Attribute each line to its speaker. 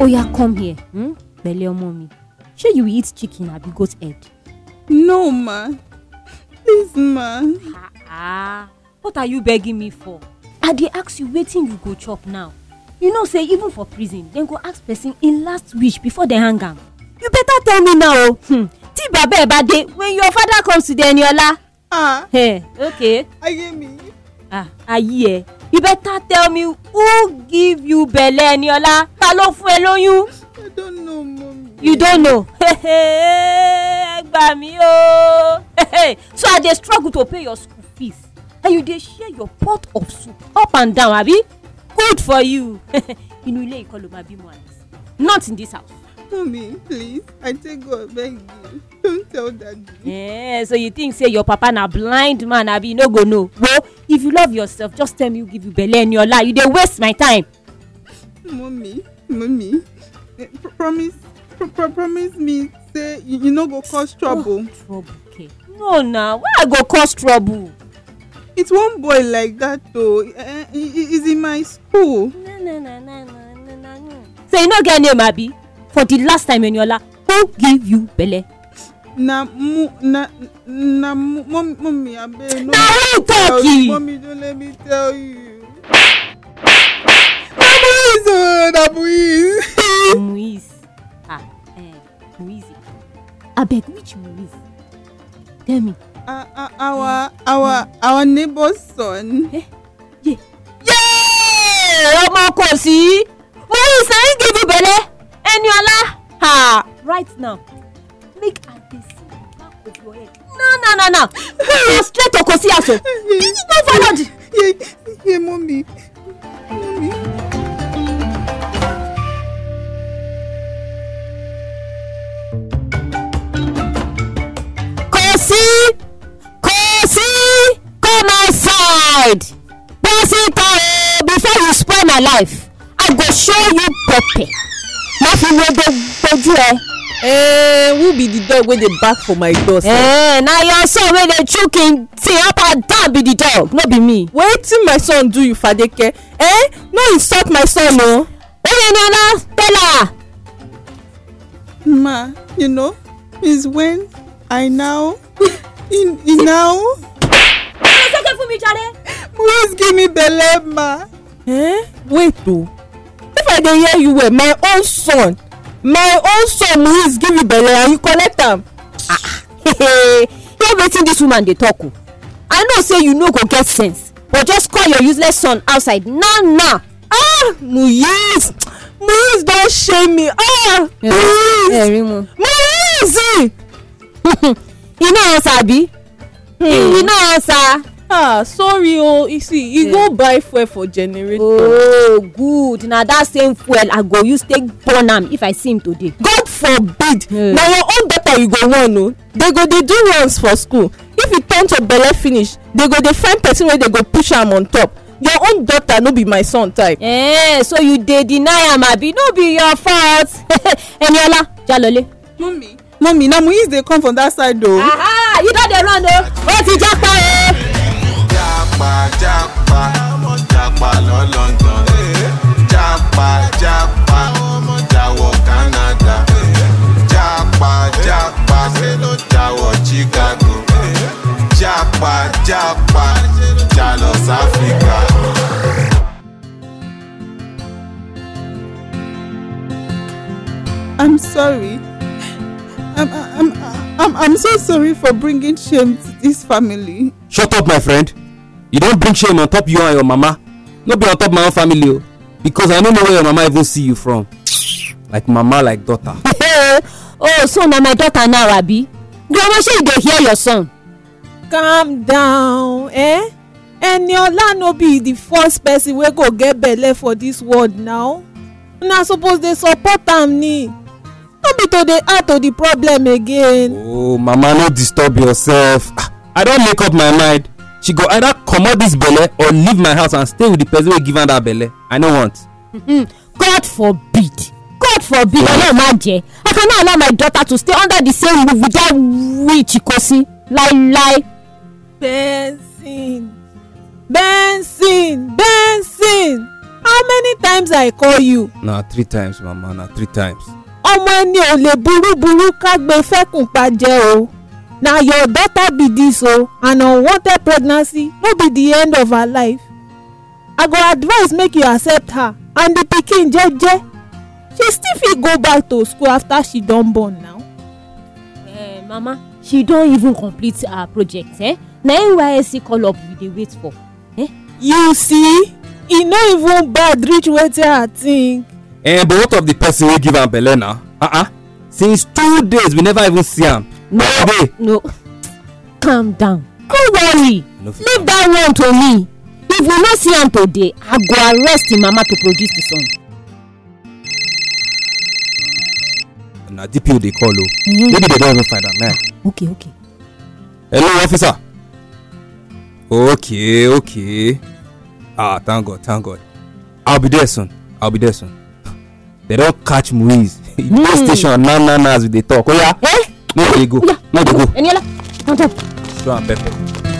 Speaker 1: oya oh, come here hmm? belle ọmọ mi ṣé you eat chicken abi goat head. no ma please ma. Ah, ah what are you begging me for i dey ask you wetin you go chop now you know say even for prison dem go ask person im last wish before dem hang am you better tell me now o hmm. tí bàbá ẹ bá when your father comes to the Eniola. ah hey, eh, okay. ayé mi. ah ayé ẹ you better tell me who give you belle Eniola ta ló fún ẹ lóyún. I don't know mummy. You don't know. ẹ gbà mí o. So I dey struggle to pay your school fees and you dey share your pot of soup up and down abi good for you. Inú ilé ìkọlù máa bímọ àìsàn not in this house me please i take god beg you don't tell daddy. Yeah, so you think say your papa na blind man abi no go know well if you love yourself just tell me who give you belly in your life you dey waste my time. mummy mummy eh, promise pr pr promise me say you, you no go cause trouble. Oh, trouble okay. no na why i go cause trouble. it's one boy like that though. uh, eh, he eh, is in my school. No, no, no, no, no, no, no. so you no get name Abby for the last time eniola who give you belle. na mu na na mu mummy abeg no. na who talk e. mummy don let me tell you. na muiz o oh, na muiz. muiz ah eh, muiz abeg which muiz tell me. Uh, uh, our our mm. our neighbor's son. Eh? Yeah. yeah! ọmọ kò sí. now make i dey see the back of your head no no no no you straight to kosi aso you no follow the. ye ye mummy mummy. kosi kosi come outside kosi come eh, before you spoil my life i go show you pepper na fi wo gbogbo ojú ẹ eh who be the dog wey dey bark for my door sef. eh na your son wey dey chook him tail up and down be the dog no be me. wetin my son do you fadeke eh no insult my son o. Oh. Eh, oyenana tell her. ma you know is when i now in in now. ṣe fún mi jàre. please give me belle ma. eh wait o oh. if i dey hear you well eh, my own son my own son muiz give me belle and you collect am ah hear wetin dis woman dey talk o i know say you no go get sense but just call your useless son outside now now ah muiz muiz don shame me ah muiz muiz e no answer abi e no answer ah sorry oh, you see you go buy fuel for generator. oh good na that same fuel i go use take burn am if i see him today. god forbid yeah. na your own daughter you go warn o dey go dey do runs for school if e turn to belle finish dey go dey find person wey dey go push am on top your own daughter no be my son type. Eh, so you dey deny am abi no be your fault eniola jalole. mummy mummy na muiz dey come from that side o. aha you don dey run o o ti japa o japa japa japa lọ London japa japa jawọ Canada japa japa jawọ Chicago japa japa jà lọ sáfíríkà. I'm sorry. I'm, I'm, I'm, I'm so sorry for bringing shame to this family. Shut up, my friend you don bring shame on top you and your mama no be on top my own family o oh. because i no know where your mama even see you from like mama like daughter. oh so na my daughter now abi grandma shey you dey hear your son. calm down eh eniola no be the first person wey go get belle for this world now una suppose dey support am ni no be to dey add to the problem again. oh mama no disturb yourself ah, i don make up my mind she go either comot dis belle or leave my house and stay with the person wey give am that belle i no want. Hmm, god forbid god forbid ọlọ́run máa jẹ́ i cannot allow my daughter to stay under the same roof with that witch ikosi láéláé. benson benson benson how many times i call you. na three times mama na three times. ọmọ ẹni ò lè burú burú ká gbé fẹ́kùn pa jẹ́ o na your daughter be this o oh, and unwanted pregnancy no be the end of her life i go advise make you accept her and the pikin jeje she still fit go back to school after she don born now. Uh, mama she don even complete her project eh? na nysc call up we dey wait for. Eh? you see e no even bad reach wetin i think. Eh, but what of the person wey give am belle na uh -uh. since two days we never even see am no way no calm down no worry leave that one to me if we no see am today i go arrest him. mama to produce the song. na dpo dey call o mm-hmm. maybe they don even find am now. Eh? okay okay. hello officer. okay okay ah thank god thank god i'll be there soon i'll be there soon. they don catch muiz. he dey station now now now as we dey talk oya. Oh, eh? yeah? Moja go. Moja go. Mantap.